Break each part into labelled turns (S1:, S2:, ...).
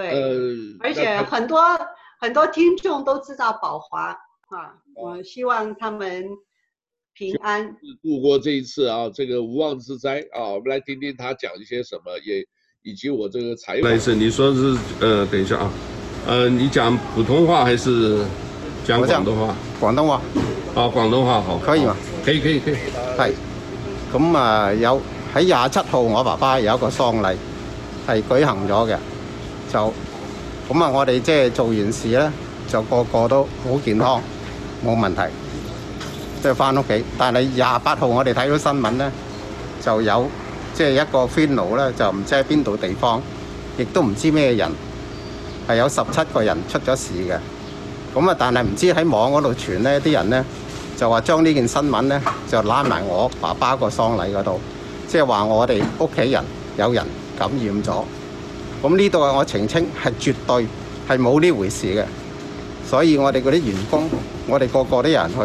S1: 對，而且很
S2: 多、嗯、很多聽眾都知道寶華、嗯、啊，我希望他們
S1: 平安度過這一次啊，這個無妄之災啊。我們來聽聽他講一些什麼，也以及我這個採訪。來一次，你說是呃，等一下啊，
S3: 呃，你講普通話還是講廣東話？廣東話。啊、哦，廣東話好，可以嗎？可以，可以，可以。係，咁、嗯、啊，有喺廿七號，我爸爸有一個喪禮係舉行咗嘅。就咁啊！我哋即係做完事咧，就個個都好健康，冇問題，即係返屋企。但係廿八號我哋睇到新聞咧，就有即係、就是、一個 final 咧，就唔知喺邊度地方，亦都唔知咩人係有十七個人出咗事嘅。咁啊，但係唔知喺網嗰度傳咧，啲人咧就話將呢件新聞咧就攬埋我爸爸個喪禮嗰度，即係話我哋屋企人有人感染咗。咁呢度啊，我澄清係絕對係冇呢回事嘅，所以我哋嗰啲員工，我哋個個都有人去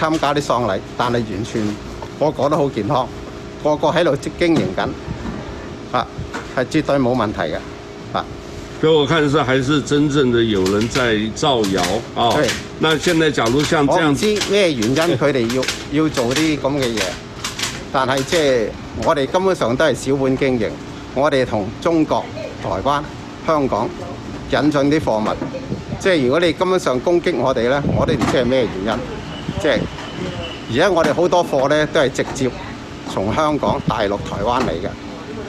S3: 參加啲喪禮，但係完全個個都好健康，個個喺度經營緊，啊，係絕對冇問題嘅，啊，
S1: 畀我看下，還是真正
S3: 的有人在
S1: 造謠啊。對、哦，
S3: 那現在假如像這樣子，我唔知咩原因佢哋要、哎、要做啲咁嘅嘢，但係即係我哋根本上都係小本經營，我哋同中國台灣、香港引進啲貨物，即係如果你根本上攻擊我哋咧，我哋唔知係咩原因。即係而家我哋好多貨咧都係直接從香港、大陸、台灣嚟嘅。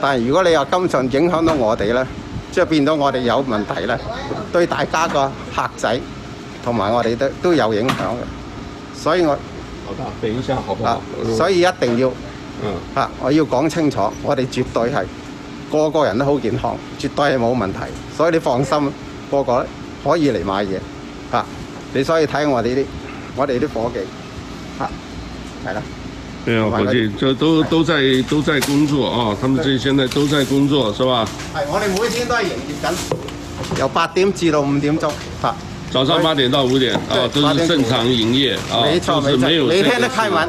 S3: 但係如果你又今上影響到我哋咧，即係變到我哋有問題咧，對大家個客仔同埋我哋都都有影響嘅。所以我得，好，一好，好、啊、所以一定要、嗯啊、我要講清楚，我哋絕對係。個個人都好健康，絕對係冇問題，所以你放心，個個可以嚟買嘢嚇、啊。你所以睇我哋啲，我哋啲夥計嚇，係啦。
S1: 係啊，伙計，就都都在都在工作啊，他們即係現在都在工作，是吧？係，
S3: 我哋每天都係營業緊，
S1: 由八點至到五點鐘嚇、啊。早上八點到五點啊，都是正常營業啊，啊，就是沒錯。每天都開
S3: 門。